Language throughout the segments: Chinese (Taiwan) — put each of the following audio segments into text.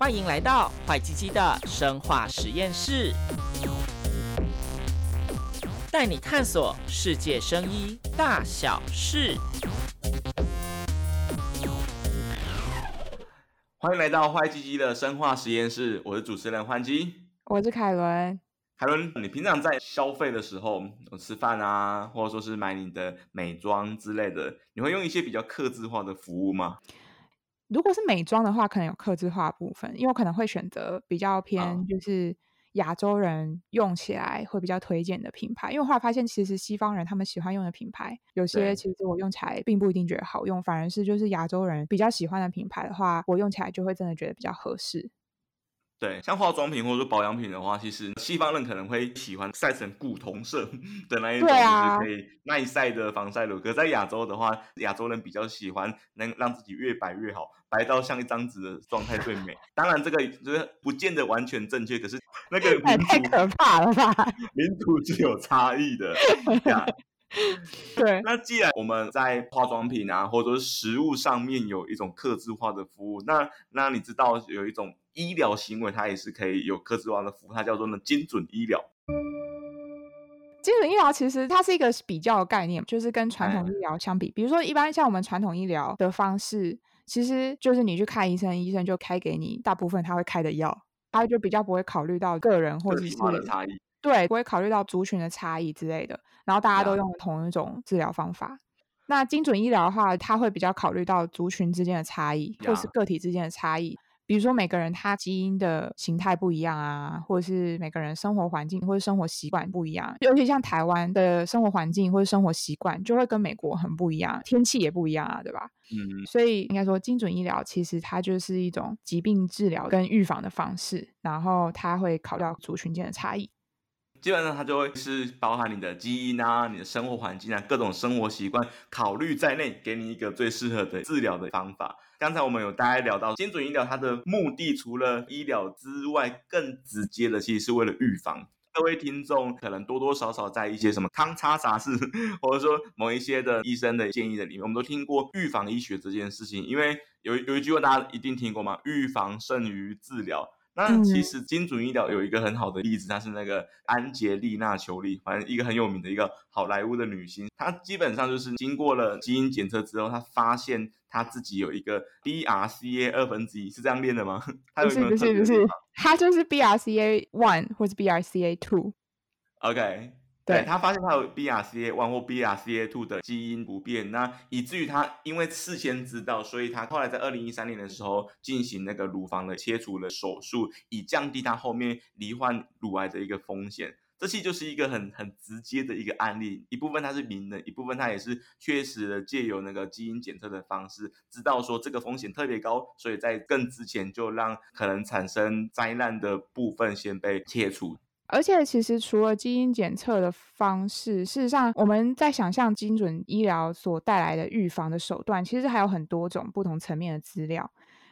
歡迎來到壞雞雞的生化實驗室，帶你探索世界生醫大小事。歡迎來到壞雞雞的生化實驗室，我是主持人歡雞，我是凱倫。凱倫，你平常在消費的時候，有吃飯啊，或者說是買你的美妝之類的，你會用一些比較客制化的服務嗎？如果是美妝的話，可能有客製化部分，因為我可能會選擇比較偏就是亞洲人用起來會比較推薦的品牌，因為後來發現其實西方人他們喜歡用的品牌，有些其實我用起來並不一定覺得好用，反而是就是亞洲人比較喜歡的品牌的話，我用起來就會真的覺得比較合適。對，像化妝品或者說保養品的話，其實西方人可能會喜歡曬成古銅色的那一種，就是、啊、可以耐曬的防曬乳。可在亞洲的話，亞洲人比較喜歡能讓自己越白越好，白到像一張紙的狀態最美。 當然，這個就是不見得完全正確。可是那個不、欸、太可怕了吧？民族是有差異的。 對， 那既然我們在化妝品啊，或者食物上面有一種客製化的服務，那那你知道有一種醫療行為，它也是可以有客製化的服務，它叫做呢精準醫療。精準醫療其實它是一個比較概念，就是跟傳統醫療相比、嗯，比如說一般像我們傳統醫療的方式，其實就是你去看醫生，醫生就開給你大部分他會開的藥，他就比較不會考慮到個人或者是差異。對，不會考慮到族群的差異之類的，然後大家都用同一種治療方法。Yeah. 那精準醫療的話，它會比較考慮到族群之間的差異，或是個體之間的差異。Yeah. 比如說，每個人他基因的形態不一樣啊，或者是每個人生活環境或者生活習慣不一樣。尤其像台灣的生活環境或者生活習慣就會跟美國很不一樣，天氣也不一樣啊，對吧？嗯、Mm-hmm. 所以應該說，精準醫療其實它就是一種疾病治療跟預防的方式，然後它會考慮到族群間的差異。基本上它就會是包含你的基因啊、你的生活環境啊、各種生活習慣考慮在內，給你一個最適合的治療的方法。剛才我們有大概聊到精準醫療，它的目的除了醫療之外，更直接的其實是為了預防。各位聽眾可能多多少少在一些什麼康健雜誌，或者說某一些的醫生的建議的裡面，我們都聽過預防醫學這件事情。因為有一有一句話大家一定聽過嘛，預防勝於治療。那其實精準醫療有一個很好的例子，嗯、它是那個安杰麗娜·裘麗，反正一個很有名的一個好萊塢的女星。她基本上就是經過了基因檢測之後，她發現她自己有一個 BRCA 二分之一，是這樣念的嗎？不是不是不是，她就是 BRCA one 或者 BRCA two。OK。對，他發現他有 BRCA1 或 BRCA2 的基因不變，那以至於他因為事先知道，所以他後來在二零一三年的時候進行那個乳房的切除了手術，以降低他後面罹患乳癌的一個風險。這期就是一個很很直接的一個案例，一部分他是名人，一部分他也是確實的借由那個基因檢測的方式，知道說這個風險特別高，所以在更之前就讓可能產生災難的部分先被切除。而且，其實除了基因檢測的方式，事實上，我們在想象精準醫療所帶來的預防的手段，其實還有很多種不同層面的資料，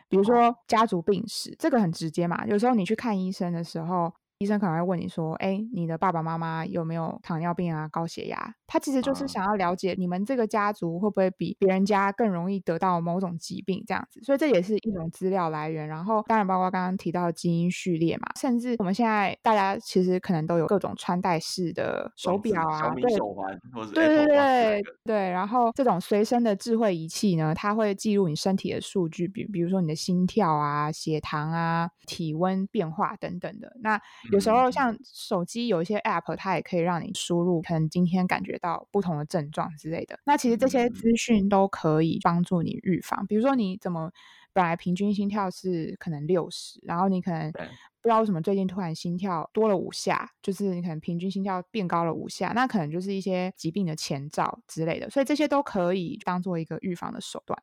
比如說家族病史，哦、這個很直接嘛。有時候你去看醫生的時候，醫生可能會問你說：“哎、欸，你的爸爸媽媽有沒有糖尿病啊、高血壓？”他其實就是想要了解你們這個家族會不會比別人家更容易得到某種疾病這樣子。所以這也是一種資料來源。然後當然包括剛剛提到的基因序列嘛，甚至我們現在大家其實可能都有各種穿戴式的手錶啊、手環，對、1、對對對對、對、那個、對。然後這種隨身的智慧儀器呢，它會記錄你身體的數據，比如比如說你的心跳啊、血糖啊、體溫變化等等的。那有時候像手機有一些 App，它也可以讓你輸入，可能今天感覺到不同的症狀之類的。那其實這些資訊都可以幫助你預防。比如說，你怎麼本來平均心跳是可能六十，然後你可能不知道為什麼最近突然心跳多了五下，就是你可能平均心跳變高了五下，那可能就是一些疾病的前兆之類的。所以這些都可以當做一個預防的手段。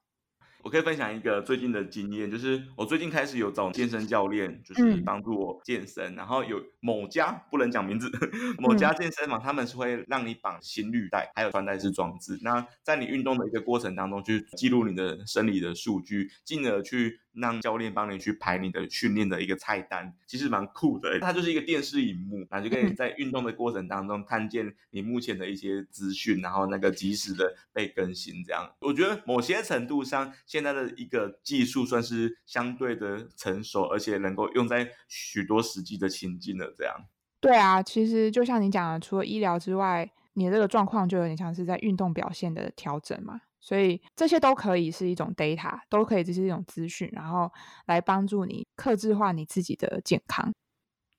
我可以分享一個最近的經驗，就是我最近開始有找健身教練，就是幫助我健身。嗯、然後有某家不能講名字，某家健身房，嗯、他們是會讓你綁心率帶，還有穿戴式裝置。那在你運動的一個過程當中，去記錄你的生理的數據，進而去，讓教練幫你去排你的訓練的一個菜單，其實蠻酷的、欸。它就是一個電視螢幕，然後就可以你在運動的過程當中看見你目前的一些資訊，然後那個及時的被更新。這樣，我覺得某些程度上，現在的一個技術算是相對的成熟，而且能夠用在許多實際的情境的這樣。對啊，其實就像你講的，除了醫療之外，你的這個狀況就有點像是在運動表現的調整嘛。所以這些都可以是一種 data，都可以這是一種資訊，然後來幫助你客製化你自己的健康。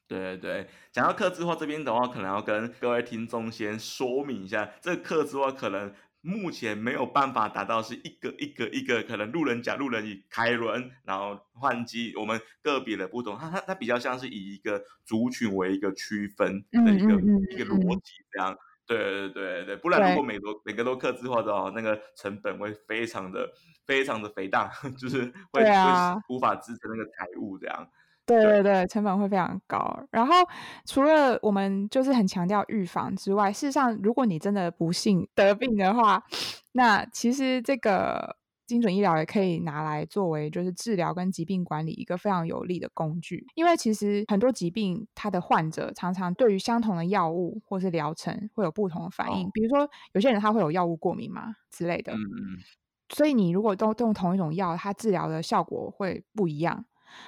對對,對，講到客製化這邊的話，可能要跟各位聽眾先說明一下，這個客製化可能目前沒有辦法達到是一個一個一個，可能路人甲、路人乙開輪，然後換機，我們個別的不同，它它它比較像是以一個族群為一個區分的一個嗯嗯嗯一個邏輯這樣。對對對對，不然如果每個每個都客製化的話，那個成本會非常的非常的肥大，就是會，啊、會無法支撐那個財務這樣，對。對對對，成本會非常高。然後除了我們就是很強調預防之外，事實上如果你真的不幸得病的話，那其實這個。精準醫療也可以拿來作為就是治療跟疾病管理一個非常有利的工具，因為其實很多疾病，它的患者常常對於相同的藥物或是療程會有不同的反應，比如說有些人他會有藥物過敏嘛之類的，所以你如果都用同一種藥，它治療的效果會不一樣。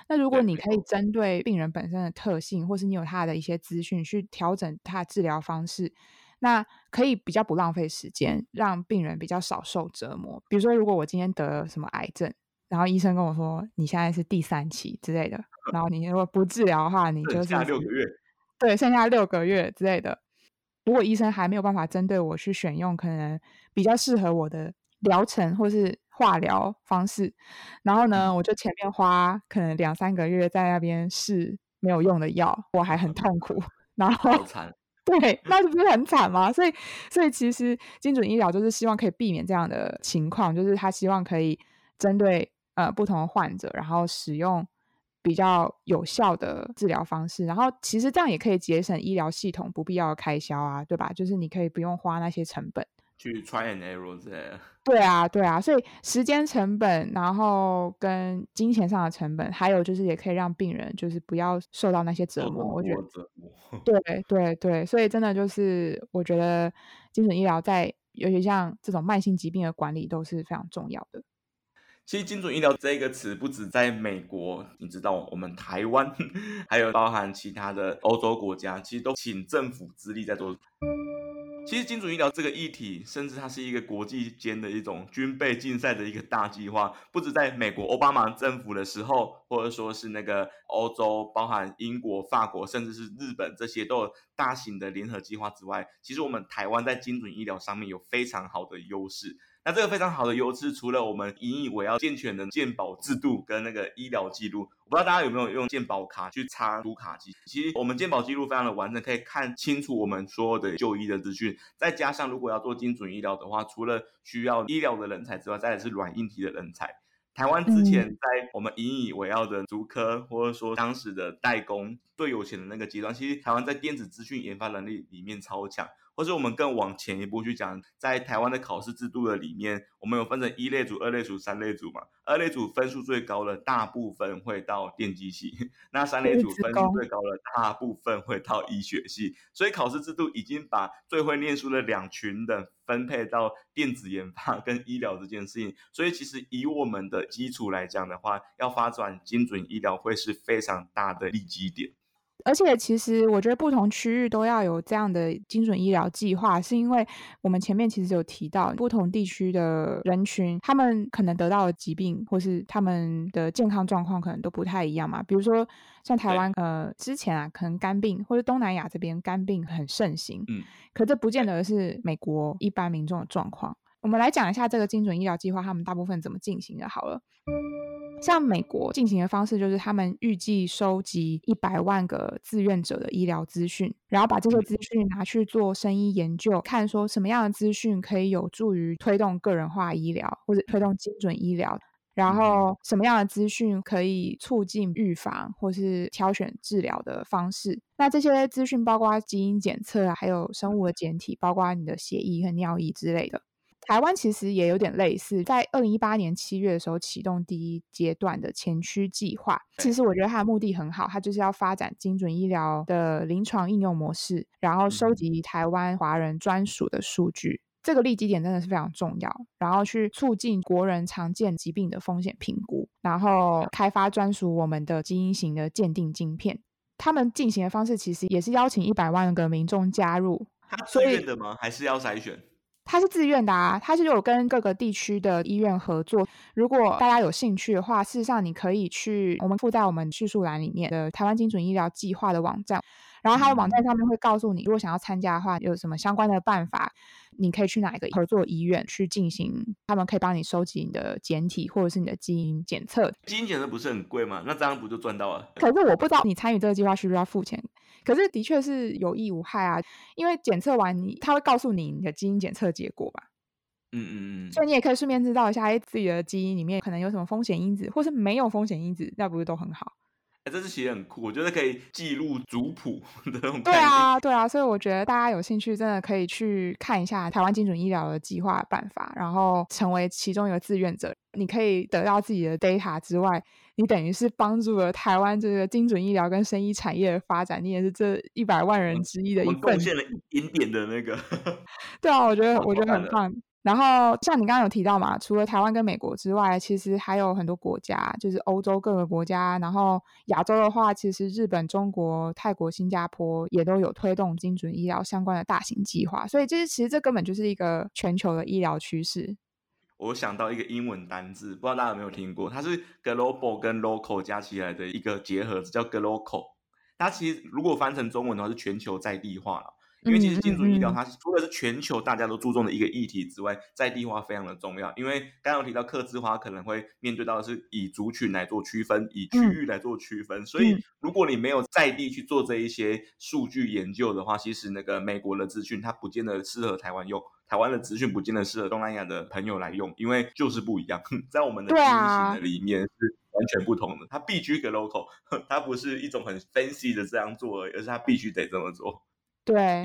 那如果你可以針對病人本身的特性，或是你有他的一些資訊去調整他的治療方式。那可以比較不浪費時間，讓病人比較少受折磨。比如說，如果我今天得了什麼癌症，然後醫生跟我說你現在是第三期之類的，然後你如果不治療的話，你就是剩下六個月。對，剩下六個月之類的。如果醫生還沒有辦法針對我去選用可能比較適合我的療程或是化療方式，然後呢，我就前面花可能兩三個月在那邊試沒有用的藥，我還很痛苦，然後。 對，那不是很慘嗎？所以，所以其實精準醫療就是希望可以避免這樣的情況，就是他希望可以針對呃不同的患者，然後使用比較有效的治療方式，然後其實這樣也可以節省醫療系統不必要的開銷啊，對吧？就是你可以不用花那些成本去 try and error 之類的。對啊，對啊，所以時間成本，然後跟金錢上的成本，還有就是也可以讓病人就是不要受到那些折磨。我覺得折磨。對對對，所以真的就是我覺得精準醫療在尤其像這種慢性疾病的管理都是非常重要的。其實精準醫療這個詞不止在美國，你知道，我們台灣還有包含其他的歐洲國家，其實都請政府之力在做，其實精準醫療這個議題，甚至它是一個國際間的一種軍備競賽的一個大計劃，不止在美國奧巴馬政府的時候，或者說是那個歐洲，包含英國、法國，甚至是日本這些都有大型的聯合計劃之外，其實我們台灣在精準醫療上面有非常好的優勢。那這個非常好的優勢，除了我們引以為傲健全的健保制度跟那個醫療記錄。不知道大家有沒有用健保卡去插讀卡機？其實我們健保記錄非常的完整，可以看清楚我們所有的就醫的資訊。再加上如果要做精準醫療的話，除了需要醫療的人才之外，再來是軟硬體的人才。台灣之前在我們引以為傲的竹科，或者說當時的代工最有錢的那個階段，其實台灣在電子資訊研發能力裡面超強。或是我們更往前一步去講，在台灣的考試制度的裡面，我們有分成一類組、二類組、三類組嘛？二類組分數最高的，大部分會到電機系；那三類組分數最高的，大部分會到醫學系。所以考試制度已經把最會念書的兩群人分配到電子研發跟醫療這件事情。所以其實以我們的基礎來講的話，要發展精準醫療會是非常大的利基點。而且，其實我覺得不同區域都要有這樣的精準醫療計劃，是因為我們前面其實有提到，不同地區的人群，他們可能得到的疾病，或是他們的健康狀況，可能都不太一樣嘛。比如說，像台灣，呃，之前啊，可能肝病，或者東南亞這邊肝病很盛行，嗯，可這不見得是美國一般民眾的狀況。我們來講一下這個精準醫療計劃，他們大部分怎麼進行的好了。像美國進行的方式就是，他們預計收集一百萬個志願者的醫療資訊，然後把這些資訊拿去做生醫研究，看說什麼樣的資訊可以有助於推動個人化醫療或者推動精準醫療，然後什麼樣的資訊可以促進預防或是挑選治療的方式。那這些資訊包括基因檢測、啊，還有生物的檢體，包括你的血液和尿液之類的。台灣其實也有點類似，在二零一八年七月的時候啟動第一階段的前驅計劃。其實我覺得它的目的很好，它就是要發展精準醫療的臨床應用模式，然後收集台灣華人專屬的數據。嗯、這個立基點真的是非常重要，然後去促進國人常見疾病的風險評估，然後開發專屬我們的基因型的鑑定晶片。他們進行的方式其實也是邀請一百萬個民眾加入，他自願的嗎？還是要篩選？他是自願的啊，他是有跟各個地區的醫院合作。如果大家有興趣的話，事實上你可以去我們附在我們敘述欄裡面的台灣精準醫療計劃的網站，然後它的網站上面會告訴你，如果想要參加的話，有什麼相關的辦法。你可以去哪一個合作醫院去進行？他們可以幫你收集你的檢體，或者是你的基因檢測。基因檢測不是很貴嗎？那當然不就賺到了。可是我不知道你參與這個計劃需不需要付錢。可是的確是有益無害啊，因為檢測完你他會告訴你你的基因檢測結果吧？嗯嗯嗯。所以你也可以順便知道一下，哎，自己的基因裡面可能有什麼風險因子，或是沒有風險因子，那不是都很好？這真是寫很酷，我覺得可以記錄族譜的那種。對啊，對啊，所以我覺得大家有興趣，真的可以去看一下台灣精準醫療的計劃的辦法，然後成為其中一個志願者。你可以得到自己的 data 之外，你等於是幫助了台灣這個精準醫療跟生醫產業的發展，你也是這一百萬人之一的一個、嗯、貢獻了一點點的那個。 對啊，我覺得我覺得很棒。哦然後像你剛剛有提到嘛，除了台灣跟美國之外，其實還有很多國家，就是歐洲各個國家，然後亞洲的話，其實日本、中國、泰國、新加坡也都有推動精準醫療相關的大型計劃。所以，這是其實這根本就是一個全球的醫療趨勢。我想到一個英文單字，不知道大家有沒有聽過，它是 global 跟 local 加起來的一個結合，叫 glocal。它其實如果翻成中文的話，是全球在地化了。因為其實精準醫療，它是除了是全球大家都注重的一個議題之外，在地化非常的重要。因為剛剛有提到客製化，可能會面對到的是以族群來做區分，以區域來做區分。所以，如果你沒有在地去做這一些數據研究的話，其實那個美國的資訊它不見得適合台灣用，台灣的資訊不見得適合東南亞的朋友來用，因為就是不一樣。在我們的基因型的裡面是完全不同的，它必須 go local，它不是一種很 fancy 的這樣做，而是它必須得這麼做。對，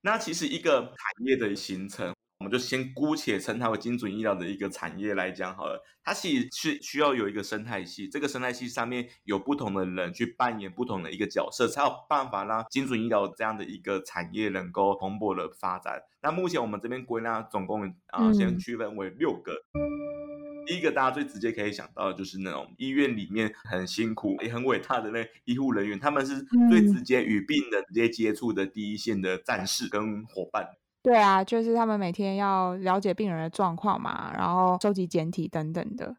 那其實一個產業的形成。我們就先姑且稱它為精準醫療的一個產業來講好了。它其實是需要有一個生態系，這個生態系上面有不同的人去扮演不同的一個角色，才有辦法讓精準醫療這樣的一個產業能夠蓬勃的發展。那目前我們這邊歸納總共啊，先區分為六個。第一個大家最直接可以想到的就是那種醫院裡面很辛苦也很偉大的那醫護人員，他們是最直接與病人直接接觸的第一線的戰士跟夥伴。對啊，就是他們每天要了解病人的狀況嘛，然後收集檢體等等的。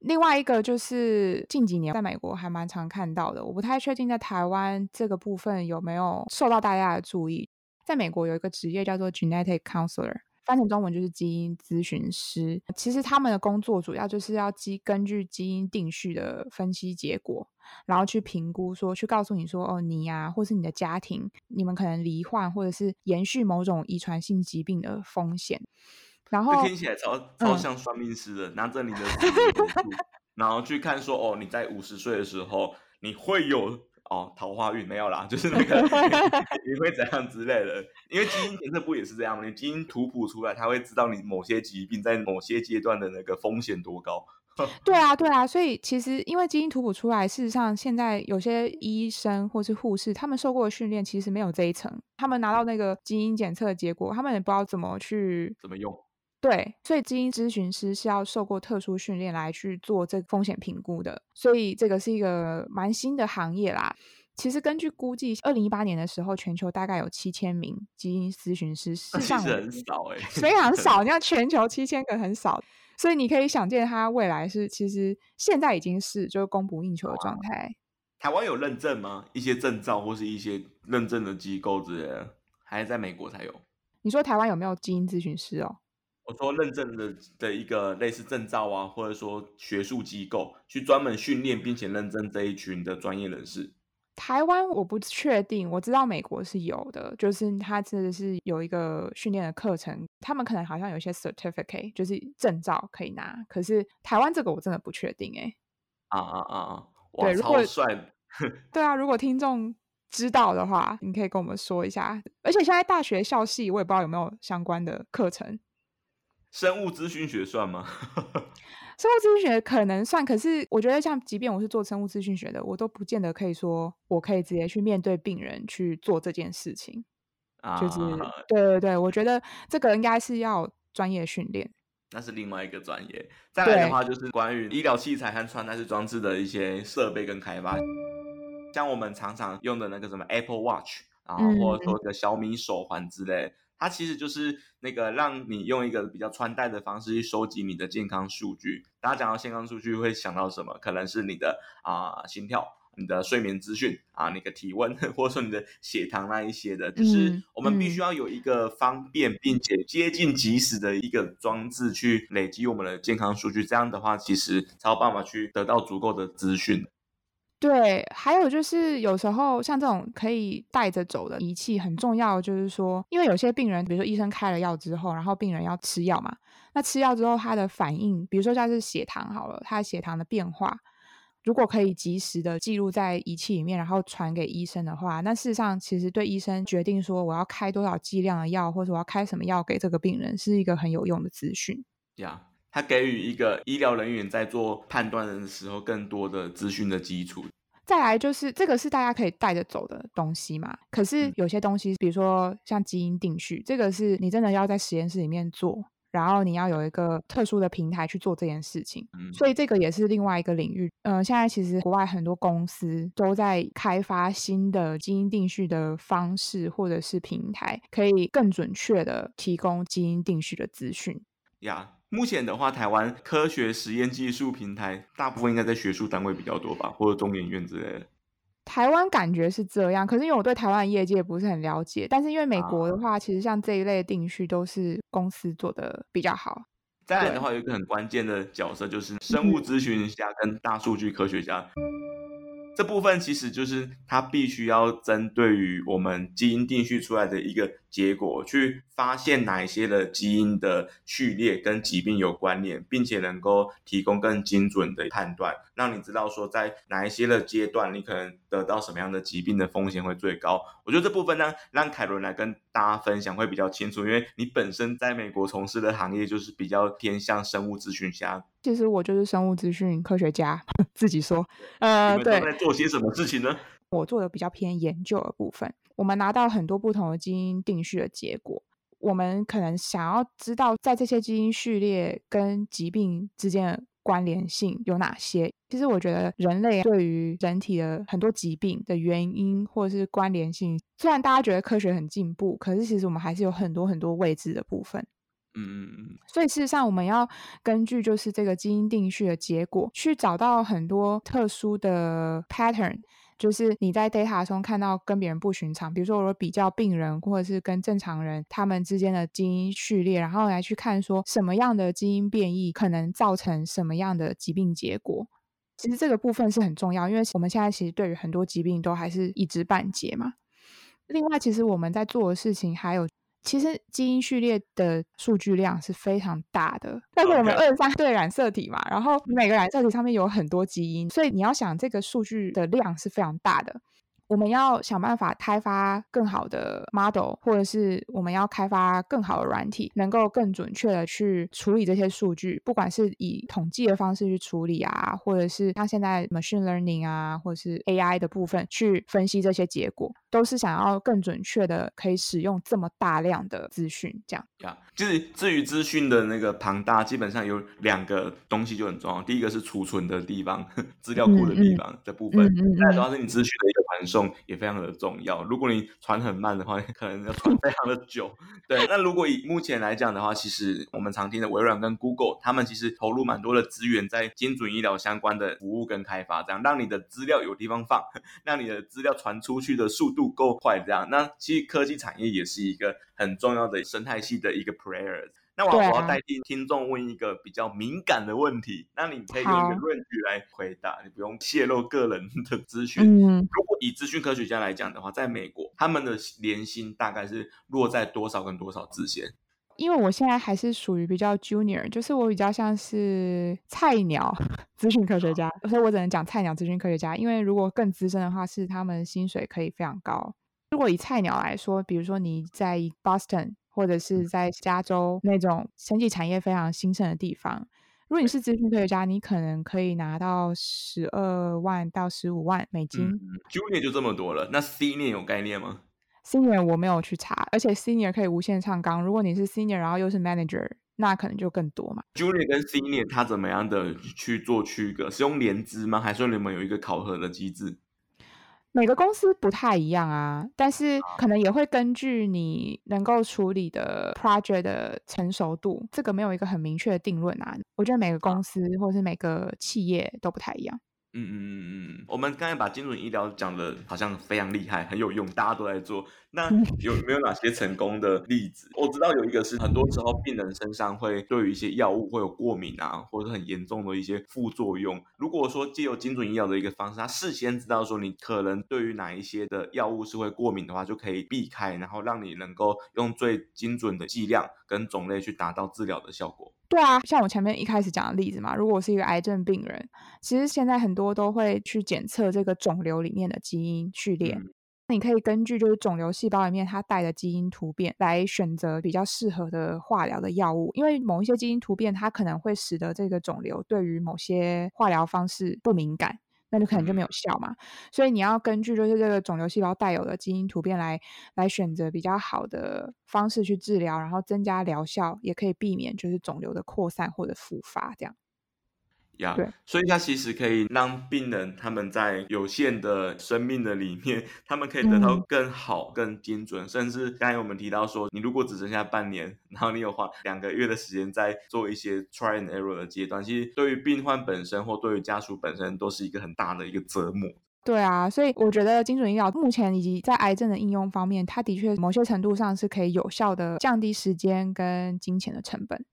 另外一個就是近幾年在美國還蠻常看到的，我不太確定在台灣這個部分有沒有受到大家的注意。在美國有一個職業叫做 genetic counselor，翻成中文就是基因諮詢師。其實他們的工作主要就是要基根據基因定序的分析結果。然後去評估說，說去告訴你說，哦你啊，或是你的家庭，你們可能罹患或者是延續某種遺傳性疾病的風險。然後聽起來超、嗯、超像算命師的，拿着你的 然後去看說，哦你在五十歲的時候，你會有哦桃花運沒有啦，就是那個你 會怎樣之類的。因為基因檢測不也是這樣嘛。 你基因圖譜出來，它會知道你某些疾病在某些階段的那個風險多高。對啊，對啊，所以其實因為基因圖譜出來，事實上現在有些醫生或是護士，他們受過的訓練其實沒有這一層，他們拿到那個基因檢測結果，他們也不知道怎麼去怎麼用。對，所以基因諮詢師是要受過特殊訓練來去做這個風險評估的，所以這個是一個蠻新的行業啦。其實根據估計，二零一八年的時候，全球大概有七千名基因諮詢師，事實上很少，欸，非常少。你看全球七千個，很少，所以你可以想見，他未來是其實現在已經是就是供不應求的狀態。台灣有認證嗎？一些證照或是一些認證的機構之類的，還是在美國才有？你說台灣有沒有基因諮詢師哦？我說認證的的一個類似證照啊，或者說學術機構去專門訓練並且認證這一群的專業人士。台灣我不確定，我知道美國是有的，就是他真的是有一個訓練的課程，他們可能好像有一些 certificate，就是證照可以拿。可是台灣這個我真的不確定哎、欸。啊啊啊，啊！對，超帥。對啊，如果聽眾知道的話，你可以跟我們說一下。而且現在大學校系我也不知道有沒有相關的課程，生物資訊學算嗎？ 生物資訊學可能算，可是我覺得像，即便我是做生物資訊學的，我都不見得可以說我可以直接去面對病人去做這件事情。啊，就是對對對，我覺得這個應該是要專業訓練。那是另外一個專業。再來的話，就是關於醫療器材和穿戴式裝置的一些設備跟開發，像我們常常用的那個什麼 Apple Watch，然後或者說一個小米手環之類。嗯它其實就是那個讓你用一個比較穿戴的方式去收集你的健康數據。大家講到健康數據會想到什麼？可能是你的啊、呃、心跳、你的睡眠資訊啊、那個體溫，或者說你的血糖那一些的。就是我們必須要有一個方便並且接近即時的一個裝置去累積我們的健康數據。這樣的話，其實才有辦法去得到足夠的資訊。對，還有就是有時候像這種可以帶着走的儀器很重要，就是說，因為有些病人，比如說醫生開了藥之後，然後病人要吃藥嘛，那吃藥之後他的反應，比如說像是血糖好了，他的血糖的變化，如果可以及時的記錄在儀器裡面，然後傳給醫生的話，那事實上其實對醫生決定說我要開多少劑量的藥，或者我要開什麼藥給這個病人，是一個很有用的資訊。Yeah. 它給予一個醫療人員在做判斷的時候更多的資訊的基礎。再來就是這個是大家可以帶着走的東西嘛。可是有些東西，嗯，比如說像基因定序，這個是你真的要在實驗室裡面做，然後你要有一個特殊的平台去做這件事情。嗯，所以這個也是另外一個領域。嗯，呃，現在其實國外很多公司都在開發新的基因定序的方式或者是平台，可以更準確的提供基因定序的資訊。Yeah. 目前的話，台灣科學實驗技術平台大部分應該在學術單位比較多吧，或者中研院之類的。台灣感覺是這樣，可是因為我對台灣的業界不是很了解。但是因為美國的話，啊、其實像這一類的定序都是公司做的比較好。再來的話，有一個很關鍵的角色就是生物資訊家跟大數據科學家、嗯。這部分其實就是他必須要針對於我們基因定序出來的一個。結果去發現哪一些的基因的序列跟疾病有關聯，並且能夠提供更精準的判斷，讓你知道說在哪一些的階段你可能得到什麼樣的疾病的風險會最高。我覺得這部分呢，讓凱倫來跟大家分享會比較清楚，因為你本身在美國從事的行業就是比較偏向生物資訊家。其實我就是生物資訊科學家，自己說，呃，對。你們都在做些什麼事情呢？我做的比較偏研究的部分，我們拿到很多不同的基因定序的結果，我們可能想要知道在這些基因序列跟疾病之間的關聯性有哪些。其實我覺得人類對於人體的很多疾病的原因或者是關聯性，雖然大家覺得科學很進步，可是其實我們還是有很多很多未知的部分。嗯，所以事實上我們要根據就是這個基因定序的結果，去找到很多特殊的 pattern。就是你在 data 中看到跟別人不尋常，比如說我比較病人或者是跟正常人他們之間的基因序列，然後來去看說什麼樣的基因變異可能造成什麼樣的疾病結果。其實這個部分是很重要，因為我們現在其實對於很多疾病都還是一知半解嘛。另外，其實我們在做的事情還有。其實基因序列的數據量是非常大的，但是我們二十三對染色體嘛，然後每個染色體上面有很多基因，所以你要想這個數據的量是非常大的。我們要想辦法開發更好的 model，或者是我們要開發更好的軟體，能夠更準確的去處理這些數據，不管是以統計的方式去處理啊，或者是像現在 machine learning 啊，或者是 AI 的部分去分析這些結果，都是想要更準確的可以使用這麼大量的資訊。這樣，啊、Yeah.，就是至於資訊的那個龐大，基本上有兩個東西就很重要。第一個是儲存的地方，資料庫的地方這、嗯、部分，那、嗯、主要是你資訊的一個。傳送也非常的重要，如果你傳很慢的話，可能要傳非常的久。對，那如果以目前來講的話，其實我們常聽的微軟跟 Google，他們其實投入蠻多的資源在精準醫療相關的服務跟開發，這樣讓你的資料有地方放，讓你的資料傳出去的速度夠快，這樣。那其實科技產業也是一個很重要的生態系的一個 player。那我我要代替聽眾問一個比較敏感的問題，啊、那你可以用一個論據來回答，你不用洩露個人的資訊。嗯，如果以資訊科學家來講的話，在美國他們的年薪大概是落在多少跟多少之間？因為我現在還是屬於比較 junior，就是我比較像是菜鳥資訊科學家， 所以我只能講菜鳥資訊科學家。因為如果更資深的話，是他們薪水可以非常高。如果以菜鳥來說，比如說你在 Boston。或者是在加州那種生技產業非常興盛的地方，如果你是資訊科學家，你可能可以拿到十二萬到十五萬美金，嗯。Junior 就這麼多了，那 Senior 有概念嗎？Senior 我沒有去查，而且 Senior 可以無限上綱。如果你是 Senior，然後又是 Manager，那可能就更多嘛。Junior 跟 Senior 他怎麼樣的去做區隔？是用連資嗎？還是說你們有一個考核的機制？每個公司不太一樣啊，但是可能也會根據你能夠處理的 project 的成熟度，這個沒有一個很明確的定論啊。我覺得每個公司或是每個企業都不太一樣。嗯嗯嗯嗯，我們剛才把精準醫療講得好像非常厲害，很有用，大家都在做。 那有沒有哪些成功的例子？我知道有一個是，很多時候病人身上會對於一些藥物會有過敏啊，或者很嚴重的一些副作用。如果說借由精準醫療的一個方式，他事先知道說你可能對於哪一些的藥物是會過敏的話，就可以避開，然後讓你能夠用最精準的劑量跟種類去達到治療的效果。對啊，像我前面一開始講的例子嘛，如果我是一個癌症病人，其實現在很多都會去檢測這個腫瘤裡面的基因序列。嗯那你可以根據就是腫瘤細胞裡面它帶的基因突變來選擇比較適合的化療的藥物，因為某一些基因突變它可能會使得這個腫瘤對於某些化療方式不敏感，那你可能就沒有效嘛。所以你要根據就是這個腫瘤細胞帶有的基因突變來來選擇比較好的方式去治療，然後增加療效，也可以避免就是腫瘤的擴散或者復發這樣。Yeah, 對，所以它其實可以讓病人他們在有限的生命的裡面，他們可以得到更好、嗯、更精準，甚至剛才我們提到說，你如果只剩下半年，然後你有花兩個月的時間在做一些 try and error 的階段，其實對於病患本身或對於家屬本身都是一個很大的一個折磨。對啊，所以我覺得精準醫療目前以及在癌症的應用方面，它的確某些程度上是可以有效的降低時間跟金錢的成本。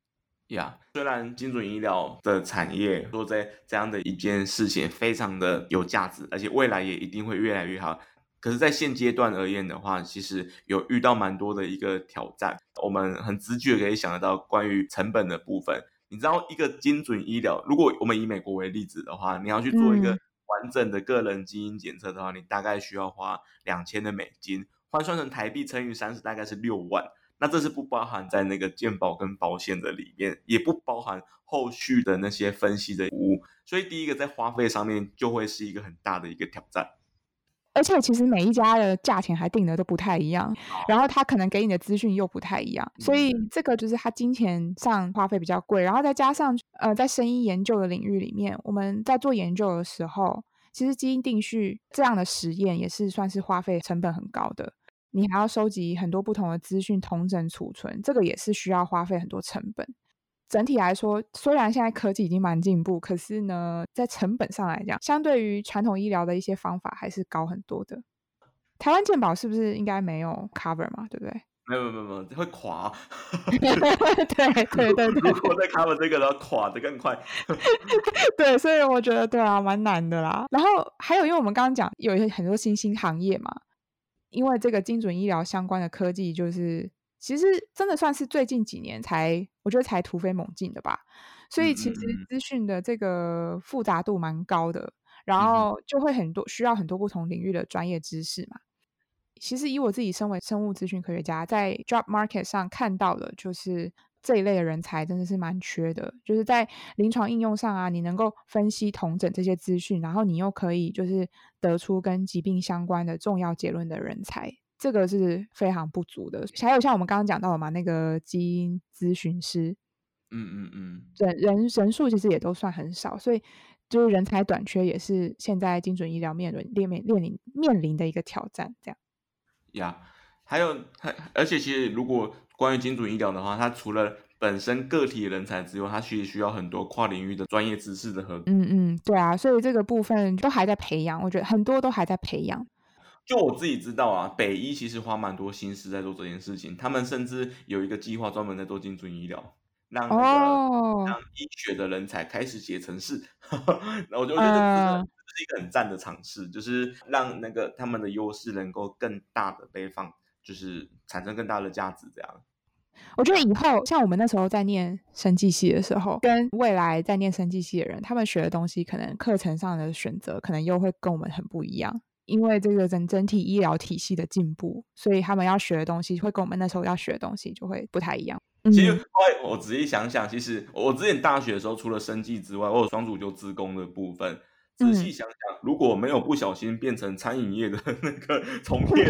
呀、yeah，雖然精準醫療的產業做在這，這樣的一件事情非常的有價值，而且未來也一定會越來越好。可是，在現階段而言的話，其實有遇到蠻多的一個挑戰。我們很直覺可以想得到，關於成本的部分，你知道，一個精準醫療，如果我們以美國為例子的話，你要去做一個完整的個人基因檢測的話，嗯、你大概需要花兩千的美金，換算成台幣乘以三十，大概是六萬。那這是不包含在那個健保跟保險的裡面，也不包含後續的那些分析的服務，所以第一個在花費上面就會是一個很大的一個挑戰。而且其實每一家的價錢還定的都不太一樣，然後他可能給你的資訊又不太一樣，嗯、所以這個就是他金錢上花費比較貴，然後再加上呃在基因研究的領域裡面，我們在做研究的時候，其實基因定序這樣的實驗也是算是花費成本很高的。你還要收集很多不同的資訊，統整儲存，這個也是需要花費很多成本。整體來說，雖然現在科技已經蠻進步，可是呢，在成本上來講，相對於傳統醫療的一些方法，還是高很多的。台灣健保是不是應該沒有 cover 嘛？對不對？沒有沒有沒有，會垮。 對對對對。如果在 cover 這個的話，垮得更快。 對，所以我覺得對啊，蠻難的啦。然後還有，因為我們剛剛講有一些很多新興行業嘛。因為這個精準醫療相關的科技，就是其實真的算是最近幾年才，我覺得才突飛猛進的吧。所以其實資訊的這個複雜度蠻高的，然後就會很多需要很多不同領域的專業知識嘛。其實以我自己身為生物資訊科學家，在 job market 上看到的就是。這一類的人才真的是蠻缺的，就是在臨床應用上啊，你能夠分析統整這些資訊，然後你又可以就是得出跟疾病相關的重要結論的人才，這個是非常不足的。還有像我們剛剛講到的嘛，那個基因諮詢師，嗯嗯嗯，對人人人數其實也都算很少，所以就是人才短缺也是現在精準醫療面臨面臨面臨面臨的一個挑戰。這樣，呀，還有，還而且其實如果。關於精準醫療的話，它除了本身個體的人才之外，它其實需要很多跨領域的專業知識的合作。嗯嗯，對啊，所以這個部分都還在培養，我覺得很多都還在培養。就我自己知道啊，北醫其實花蠻多心思在做這件事情，他們甚至有一個計劃專門在做精準醫療，讓那個哦、讓醫學的人才開始寫程式。然後我覺得我覺得這是這、呃就是一個很贊的嘗試，就是讓那個他們的優勢能夠更大的被放，就是產生更大的價值，這樣。我覺得以後像我們那時候在念生技系的時候，跟未來在念生技系的人，他們學的東西可能課程上的選擇，可能又會跟我們很不一樣。因為這個整整體醫療體系的進步，所以他們要學的東西會跟我們那時候要學的東西就會不太一樣。其實，我仔細想想，其實我之前大學的時候，除了生技之外，我有雙主就資工的部分。仔細想想，如果沒有不小心變成餐飲業的那個重業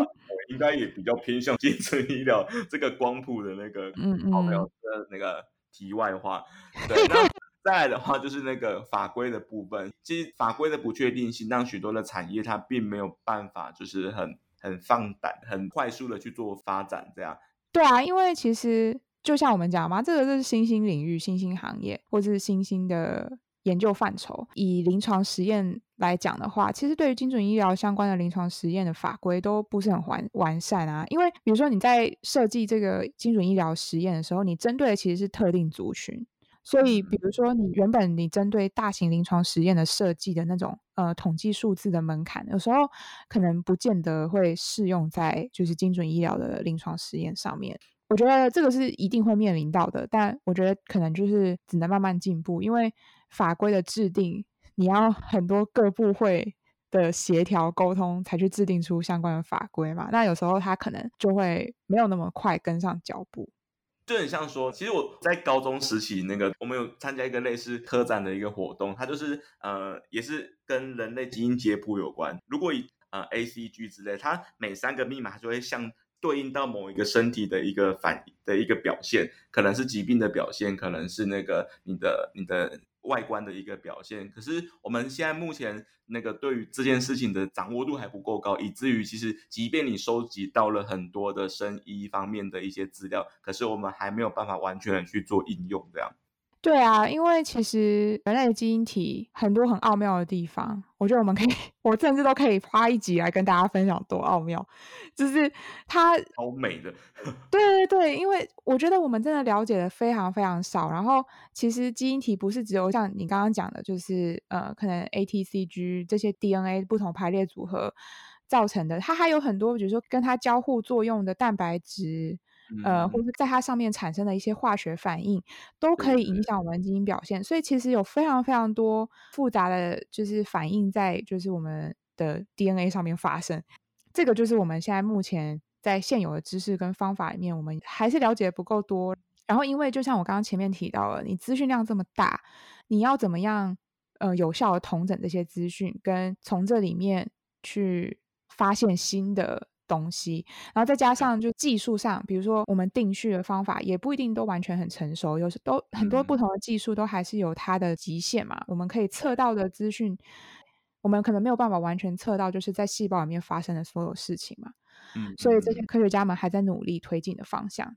的 應該也比較偏向精準醫療這個光譜的那個，嗯嗯，那個題外話、嗯嗯。對，那 再來的話就是那個法規的部分。其實法規的不確定性，讓許多的產業它並沒有辦法，就是很很放膽、很快速的去做發展。這樣，對啊，因為其實就像我們講嘛，這個就是新興領域、新興行業或者是新興的研究範疇，以臨床實驗。來講的話，其實對於精準醫療相關的臨床實驗的法規都不是很完完善啊，因為比如說你在設計這個精準醫療實驗的時候，你針對的其實是特定族群，所以比如說你原本你針對大型臨床實驗的設計的那種呃統計數字的門檻，有時候可能不見得會適用在就是精準醫療的臨床實驗上面。我覺得這個是一定會面臨到的，但我覺得可能就是只能慢慢進步，因為法規的制定，你要很多各部會的協調溝通，才去制定出相關的法規嘛，那有時候他可能就會沒有那麼快跟上腳步。就很像說，其實我在高中時期，那個我們有參加一個類似科展的一個活動，它就是呃，也是跟人類基因解譜有關。如果以呃 ACG 之類，它每三個密碼就會相對應到某一個身體的一個反應的一個表現，可能是疾病的表現，可能是那個你的你的。外觀的一個表現，可是我們現在目前那個對於這件事情的掌握度還不夠高，以至於其實即便你收集到了很多的生醫方面的一些資料，可是我們還沒有辦法完全去做應用這樣。對啊，因為其實人類的基因體很多很奧妙的地方，我覺得我們可以，我甚至都可以花一集來跟大家分享多奧妙。就是它好美的， 對，對對對，因為我覺得我們真的了解的非常非常少。然後其實基因體不是只有像你剛剛講的，就是呃，可能 A T C G 這些 D N A 不同排列組合造成的，它還有很多，比如說跟它交互作用的蛋白質。呃，或者是在它上面產生的一些化學反應，都可以影響我們基因表現。所以其實有非常非常多複雜的，就是反應在就是我們的 DNA 上面發生。這個就是我們現在目前在現有的知識跟方法裡面，我們還是了解不夠多。然後因為就像我剛剛前面提到了，你資訊量這麼大，你要怎麼樣呃有效的統整這些資訊，跟從這裡面去發現新的。東西，然後再加上就技術上，比如說我們定序的方法也不一定都完全很成熟，有時都很多不同的技術都還是有它的極限嘛。我們可以測到的資訊，我們可能沒有辦法完全測到，就是在細胞裡面發生的所有事情嘛。嗯，所以這些科學家們還在努力推進的方向。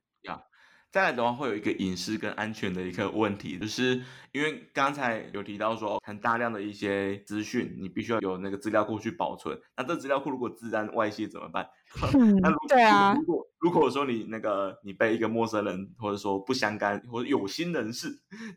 再來的話，會有一個隱私跟安全的一個問題，就是因為剛才有提到說，很大量的一些資訊，你必須要有那個資料庫去保存。那這資料庫如果自然外洩怎麼辦？嗯、 那如果，對啊，如果，如果說你那個你被一個陌生人或者說不相干或者有心人士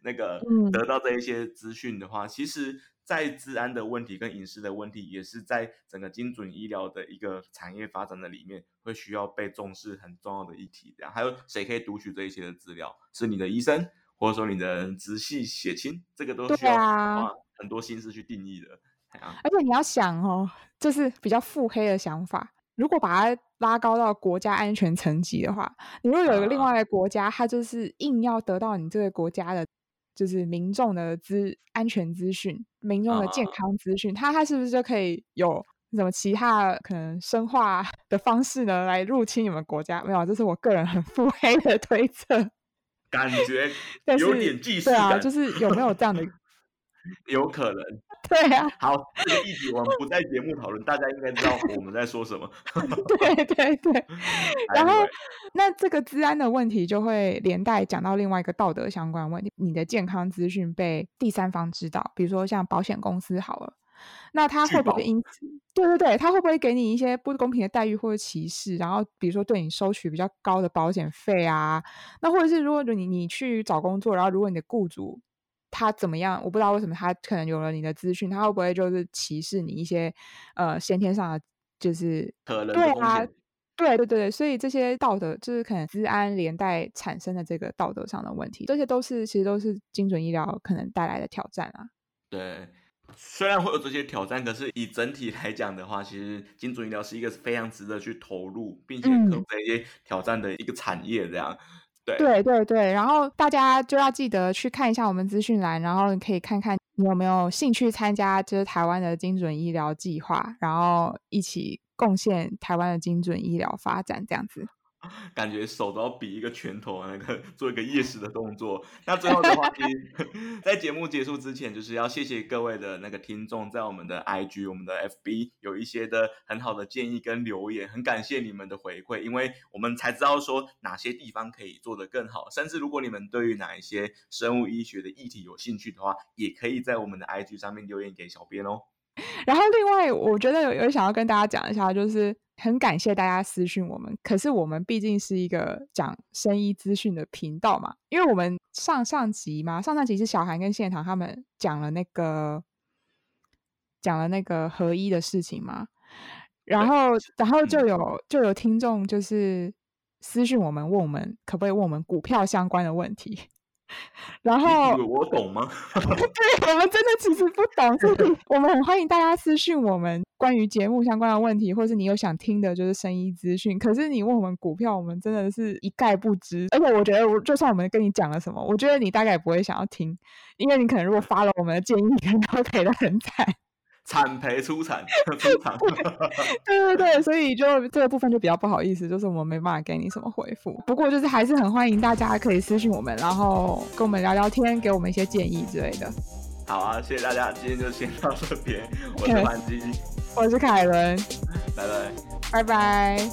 那個得到這一些資訊的話，嗯、其實。在資安的問題跟飲食的問題，也是在整個精準醫療的一個產業發展的裡面，會需要被重視很重要的議題的。還有誰可以讀取這一些的資料？是你的醫生，或者說你的直系血親，這個都是需要很多心思去定義的。啊、而且你要想哦，這是比較腹黑的想法。如果把它拉高到國家安全層級的話，你如果有一個另外一個國家，它就是硬要得到你這個國家的。就是民眾的資安全資訊，民眾的健康資訊，他、啊、他是不是就可以有什麼其他可能生化的方式呢，來入侵你們國家？沒有，這是我個人很腹黑的推測，感覺 但是，對啊，就是有沒有這樣的， 有可能。對啊， 好，這個議題我們不在節目討論， 大家應該知道我們在說什麼。 對對對， 然後那這個資安的問題就會連帶講到另外一個道德相關問題：你的健康資訊被第三方知道，比如說像保險公司好了，那他會不會因？對對對，他會不會給你一些不公平的待遇或者歧視？然後比如說對你收取比較高的保險費啊，那或者是如果你你去找工作，然後如果你的雇主。他怎麼樣？我不知道為什麼他可能有了你的資訊，他會不會就是歧視你一些呃、先天上的就是可能對啊，對對對對，所以這些道德就是可能資安連帶產生的這個道德上的問題，這些都是其實都是精準醫療可能帶來的挑戰啊。對，雖然會有這些挑戰，可是以整體來講的話，其實精準醫療是一個非常值得去投入並且克服這些挑戰的一個產業，這樣。嗯對，對對對，然後大家就要記得去看一下我們資訊欄，然後你可以看看你有沒有興趣參加，就是台灣的精準醫療計劃，然後一起貢獻台灣的精準醫療發展，這樣子。感覺手都要比一個拳頭，那個做一個夜視的動作。那最後的話題， 在節目結束之前，就是要謝謝各位的那個聽眾，在我們的 I G、我們的 F B 有一些的很好的建議跟留言，很感謝你們的回饋，因為我們才知道說哪些地方可以做得更好。甚至如果你們對於哪一些生物醫學的議題有興趣的話，也可以在我們的 I G 上面留言給小編哦。然後另外，我覺得有有想要跟大家講一下，就是。很感謝大家私訊我們，可是我們畢竟是一個講生醫資訊的頻道嘛，因為我們上上集嘛，上上集是小韓跟現場他們講了那個講了那個合一的事情嘛，然後然後就有就有聽眾就是私訊我們，問我們可不可以問我們股票相關的問題。 然後我懂嗎？ 對，我們真的其實不懂。 我們很歡迎大家私訊我們關於節目相關的問題，或是你有想聽的，就是生醫資訊。可是你問我們股票，我們真的是一概不知。而且我覺得，就算我們跟你講了什麼，我覺得你大概也不會想要聽，因為你可能如果發了我們的建議， 可能要賠得很慘。產培、出產出產。 對對對，所以就這個部分就比較不好意思，就是我們沒辦法給你什麼回復。不過就是還是很歡迎大家可以私信我們，然後跟我們聊聊天，給我們一些建議之類的。好啊，謝謝大家，今天就先到這邊。 我是黃吉吉，我是凱倫。拜拜，拜拜。